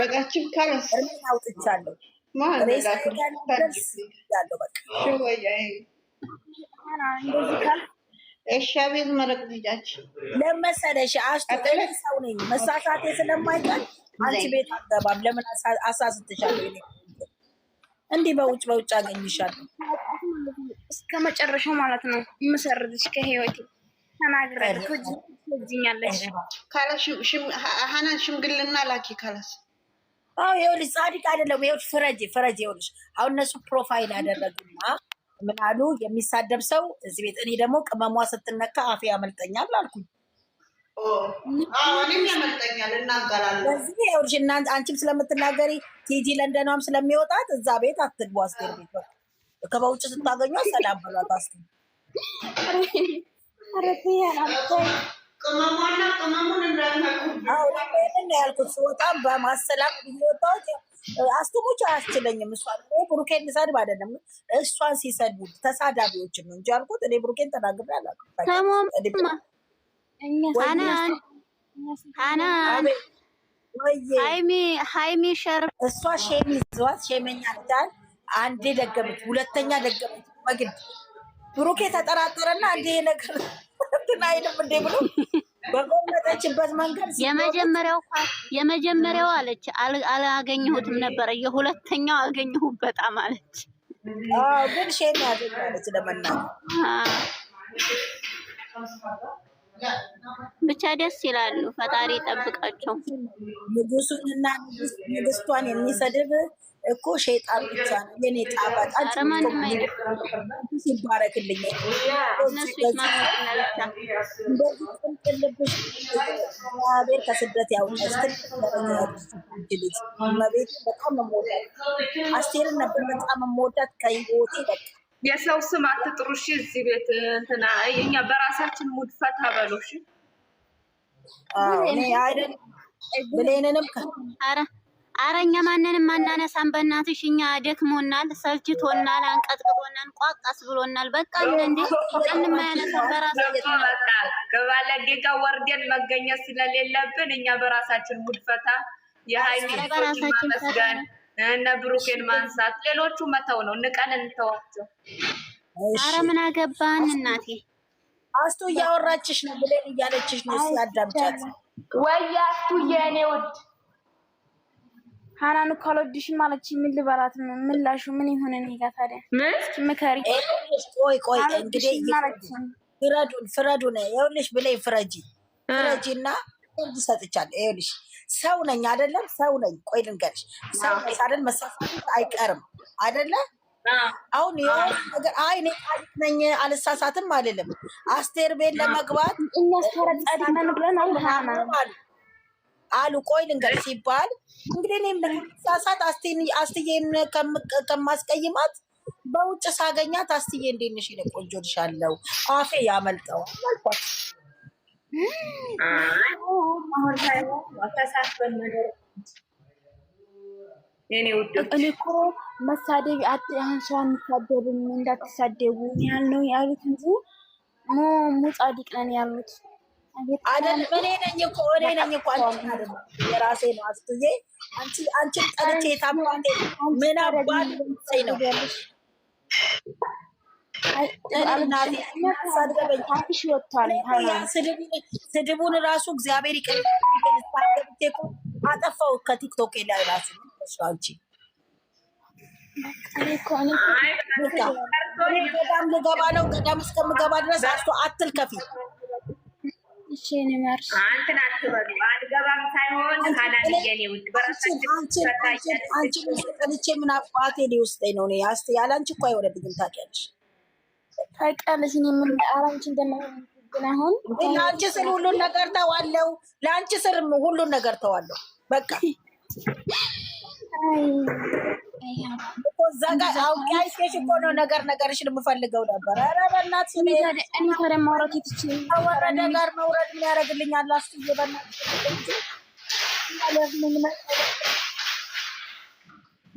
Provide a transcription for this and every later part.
በቃችን ካረስአውጥቻለሁ እሺ መረቅ ልጃች ለመሰለሽ አስቶጠለቅ ሰው ነኝ። መሳሳቴ ስለማይቀር አንቺ ቤት አገባም። ለምን አሳስትሻለሁ? እንዲህ በውጭ በውጭ አገኝሻለሁ እስከ መጨረሻው ማለት ነው የምሰርዝሽ ከህይወቴ ተናግረ ትወጂኛለሽ ካለ ሀናን ሽምግልና ላኪ ካላስ አዎ ይኸውልሽ፣ ጻድቅ አይደለም። ይኸውልሽ ፍረጅ ፍረጅ። ይኸውልሽ አሁን እነሱ ፕሮፋይል አደረጉና ምን አሉ? የሚሳደብ ሰው እዚህ ቤት። እኔ ደግሞ ቅመሟ ስትነካ አፌ ያመልጠኛል አልኩኝ። እኔም ያመልጠኛል፣ እናገራለሁ። እዚህ ይኸውልሽ፣ አንቺም ስለምትናገሪ ቲጂ ለንደኗም ስለሚወጣት እዛ ቤት አትግቡ፣ አስገቢ። ከበውጭ ስታገኙ ሰላም በሏት። አስ ቅመሟና ቅመሙን እንዳናቁ ያልኩት ስወጣም በማሰላቅ ወጣሁት። አስቱሞች አያስችለኝም። እሷ ብሩኬን ልሰድብ አይደለም እሷን ሲሰድቡ ተሳዳቢዎች ነው እንጂ ያልኩት እኔ ብሩኬን ተናግሬ አላውቅም። እሷ ሼሚ ይዘዋት ሼመኛ ልታል። አንዴ ደገመች፣ ሁለተኛ ደገመች። በግድ ብሩኬ ተጠራጠረና አንዴ ነገር አይልም እንዴ ብሎ በቆመጠችበት መንገድ የመጀመሪያው የመጀመሪያው አለች አላገኘሁትም ነበረ። የሁለተኛው አገኘሁት በጣም አለች። ግን ሼን ያገኛለች ለመናገር ብቻ ደስ ይላሉ። ፈጣሪ ይጠብቃቸው። ንጉሱንና ንግስቷን የሚሰድብ እኮ ሸይጣን ብቻ ነው የኔ ጣፋጭ። ይባረክልኝ። እንደዚህ ቅንቅልብሽ እግዚአብሔር ከስደት ያውጣሽ። ትልጅልጅ በጣም መወዳት አስቴርን ነበር በጣም መወዳት ከህይወቴ በቃ የሰው ስም አትጥሩ። እሺ እዚህ ቤት እንትና እኛ በራሳችን ሙድ ፈታ በሉ። እሺ አይደል ብሌንንም ኧረ እኛ ማንንም አናነሳም። በእናትሽ እኛ ደክሞናል፣ ሰልችቶናል፣ አንቀጥቅጦናል፣ ቋቃስ ብሎናል። በቃ እንዴ ቀንም ማያነሳ በራሳችን በቃ ከባለጌ ጋር ወርደን መገኘት ስለሌለብን እኛ በራሳችን ሙድፈታ የሀይሚ መስጋን እነ ብሩኬን ማንሳት ሌሎቹ መተው ነው። ንቀን እንተዋቸው። አረ ምን አገባን እናቴ። አስቱ እያወራችሽ ነው ብለን እያለችሽ ነው። ሲያዳምጫት ወይ አስቱ የኔ ውድ ሀናን እኮ አልወድሽም አለች። ምን ልበላት? ምላሹ ምን ይሁን? እኔ ጋ ታዲያ ምከሪ። ቆይ ቆይ እንግዲህ ፍረዱን ፍረዱን። ይኸውልሽ ብለኝ ፍረጂ ፍረጂ እና ፍርድ ሰጥቻለሁ። ይኸውልሽ ሰው ነኝ አይደለም? ሰው ነኝ። ቆይ ልንገርሽ፣ ሰው ነኝ አይደል? መሳሳት አይቀርም አይደለ? አሁን የሆነ ነገር አይ እኔ ጻድቅ ነኝ አልሳሳትም አልልም። አስቴር ቤት ለመግባት እኛ ጸረ ጻድቅ ነን ብለን አሉ ቆይ ልንገር ሲባል እንግዲህ እኔም ለሳሳት አስትዬን ከማስቀይማት በውጭ ሳገኛት አስትዬ እንዴት ነሽ የእኔ ቆንጆ ልሻለው አፌ ያመልጠዋል አልኳት። እኔ እኮ መሳደብ አሁን ሰው አንሳደብም እንዳትሳደቡ ያልነው ያሉት እንጂ ሙ ጻድቅ ነን ያሉት አይደለም እኔ ነኝ እኮ እኔ ነኝ እኮ አንቺን አይደለም የራሴ ነው። አስዬ አንቺ አንቺን ጠልቼ የታባኔ ምን አባት ልምሰኝ ነው ስድቡን ራሱ እግዚአብሔር ይቅር አጠፋው ከቲክቶክ ላይ ራሱ አንቺ ገዳም ልገባ ነው። ገዳም እስከምገባ ድረስ አቶ አትል ከፊት እሺ እኔ ማርሽ አንተን አትበሉ አልገባም ሳይሆን ካላልየኔ ውድ በራሳችን ምን አቋቴ ሊውስጠኝ ነው። እኔ አስቲ ያለ እኮ አይወረድም ታውቂያለሽ። ታውቂያለሽ እኔ ምን አራንቺ እንደማይሆን አሁን ለአንቺ ስል ሁሉን ነገር ተዋለው። ለአንቺ ስር ሁሉን ነገር ተዋለው። በቃ እዛ ጋር አውቄ አይቼሽ እኮ ነው ነገር ነገርሽን የምፈልገው ነበር። ኧረ በእናትሽ እኔ ከወረደ ጋር መውረድ ምን ያደርግልኛል? አስዬ በእናትሽ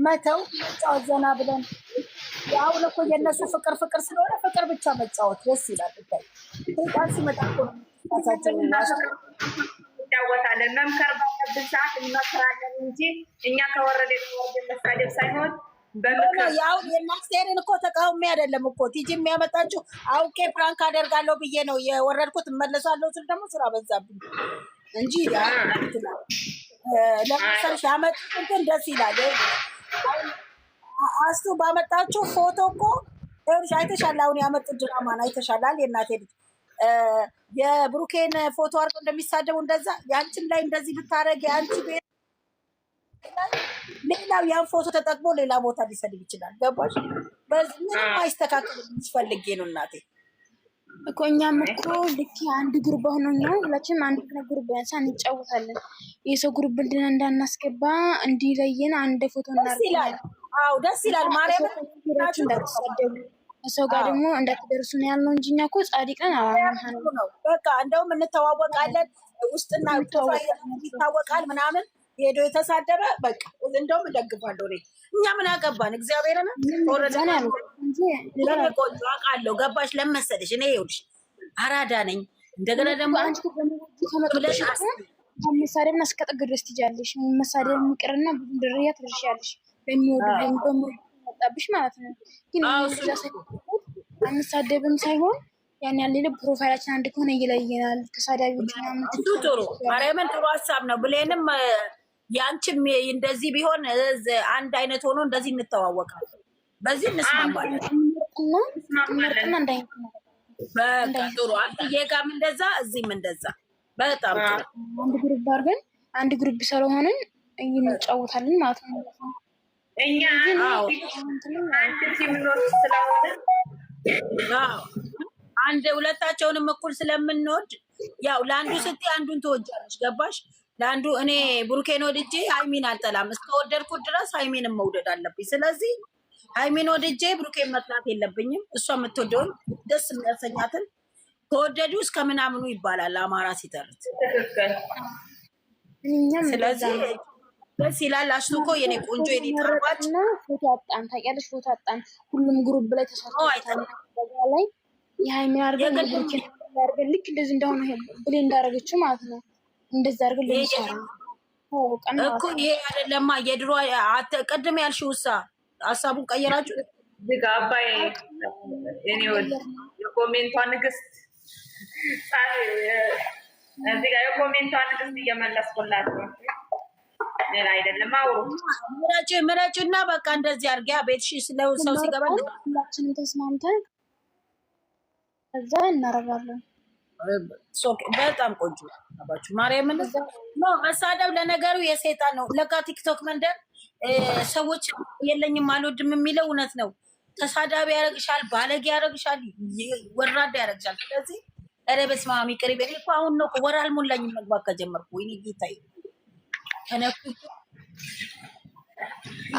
መተው መጫወት ዘና ብለን አሁን እኮ የእነሱ ፍቅር ፍቅር ስለሆነ ፍቅር ብቻ መጫወት ደስ ይላል። ጣን ሲመጣ እኮ ነው ዳወታለን። መምከር ባለብን ሰዓት እንመክራለን። እንጂ እኛ ከወረደ ወረደ መሳደብ ሳይሆን ያው የናክስቴርን እኮ ተቃውሜ አይደለም እኮ ቲጂ የሚያመጣችው አውቄ ፕራንክ አደርጋለሁ ብዬ ነው የወረድኩት። እመለሳለሁ ስል ደግሞ ስራ በዛብኝ እንጂ ለመሰለሽ ያመጡት እንትን ደስ ይላል። አስቱ ባመጣችው ፎቶ እኮ ይኸውልሽ አይተሻል። አሁን ያመጡት ድራማን አይተሻላል። የእናቴ ልጅ የብሩኬን ፎቶ አርቆ እንደሚሳደቡ እንደዛ የአንቺም ላይ እንደዚህ ብታደረግ የአንቺ ቤት ሌላው ያን ፎቶ ተጠቅሞ ሌላ ቦታ ሊሰድብ ይችላል። ገባሽ? ምንም አይስተካከል ፈልጌ ነው እናቴ እኮ እኛም እኮ ልክ አንድ ግሩፕ ሆነን ነው ሁላችንም አንድ ግሩፕ ቢያንስ እንጫወታለን። የሰው ግሩፕ ብልድን እንዳናስገባ እንዲለየን አንድ ፎቶ እናደርጋለን። አዎ ደስ ይላል። ማርያም እንዳትሰደቡ ሰው ጋር ደግሞ እንዳትደርሱ ነው ያልነው እንጂ እኛ እኮ ጻድቃን አዋማሃ ነው። በቃ እንደውም እንተዋወቃለን ውስጥና ይታወቃል ምናምን ሄዶ የተሳደበ በቃ እንደውም እደግፋለሁ እኔ። እኛ ምን አገባን? እግዚአብሔርን ወረደቆጆ አውቃለሁ። ገባሽ? ለመሰለሽ እኔ ይኸውልሽ አራዳ ነኝ። እንደገና ደግሞ ብለሽ መሳደብን እስከጥግ ድረስ ትጃለሽ። መሳደብ የሚቅርና ድርያ ትደርሻለሽ። በሚወዱ መጣብሽ ማለት ነው። ግን አንሳደብም ሳይሆን ያን ያለ ፕሮፋይላችን አንድ ከሆነ ይለየናል። ተሳዳቢዎች ጥሩ ማርያምን ጥሩ ሀሳብ ነው ብሌንም ያንቺም እንደዚህ ቢሆን አንድ አይነት ሆኖ እንደዚህ እንተዋወቃለን። በዚህ እንስማማለን። ጥሩ አንድዬ ጋርም እንደዛ እዚህም እንደዛ በጣም አንድ ግሩፕ አድርገን አንድ ግሩፕ ስለሆንን እንጫወታለን ማለት ነው። እኛ አንድ ሁለታቸውንም እኩል ስለምንወድ ያው ለአንዱ ስትይ አንዱን ትወጃለች። ገባሽ? ለአንዱ እኔ ብሩኬን ወድጄ ሀይሚን አልጠላም። እስከወደድኩት ድረስ ሀይሚንም መውደድ አለብኝ። ስለዚህ ሀይሚን ወድጄ ብሩኬን መጥላት የለብኝም። እሷ የምትወደውን ደስ የሚያሰኛትን ከወደዱ እስከ ምናምኑ ይባላል አማራ ሲጠርት። ስለዚህ ደስ ይላል። አሽቱ የኔ ቆንጆ የኔ ተርባጭ አጣን፣ ታውቂያለሽ? ፎቶ አጣን። ሁሉም ግሩብ ላይ ተሰርቶ ላይ የሀይሚን አርገን ልክ እንደዚህ እንደሆነ ብሌ እንዳረገችው ማለት ነው እንደዛ አድርገን እኮ ይሄ አይደለማ። የድሮ ቅድም ያልሽው ውሳ ሀሳቡን ቀየራችሁ። ዝግ አባይ እኔ የኮሜንቷ ንግስት እዚህ የኮሜንቷ ንግስት እየመለስኩላት ነው። ምረጭ ምረጭ እና በቃ እንደዚህ አድርጊያ ቤትሽ ስለው ሰው ሲገባ ሁላችንም ተስማምተን እዛ እናረጋለን። በጣም ቆንጆ ባችሁ ማርያምን መሳደብ ለነገሩ የሰይጣን ነው። ለካ ቲክቶክ መንደር ሰዎች የለኝም አልወድም የሚለው እውነት ነው። ተሳዳቢ ያደርግሻል፣ ባለጌ ያደርግሻል፣ ወራዳ ያደርግሻል። ስለዚህ ኧረ በስመ አብ ይቅር ይበል አሁን ነው ወር አልሞላኝም መግባት ከጀመርኩ። ወይኔ ጌታዬ ተነኩ።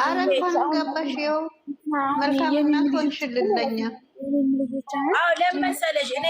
ኧረ እንኳን ገባሽ። ይኸው መልካም እናት ሆንሽልለኛ ለመሰለሽ እኔ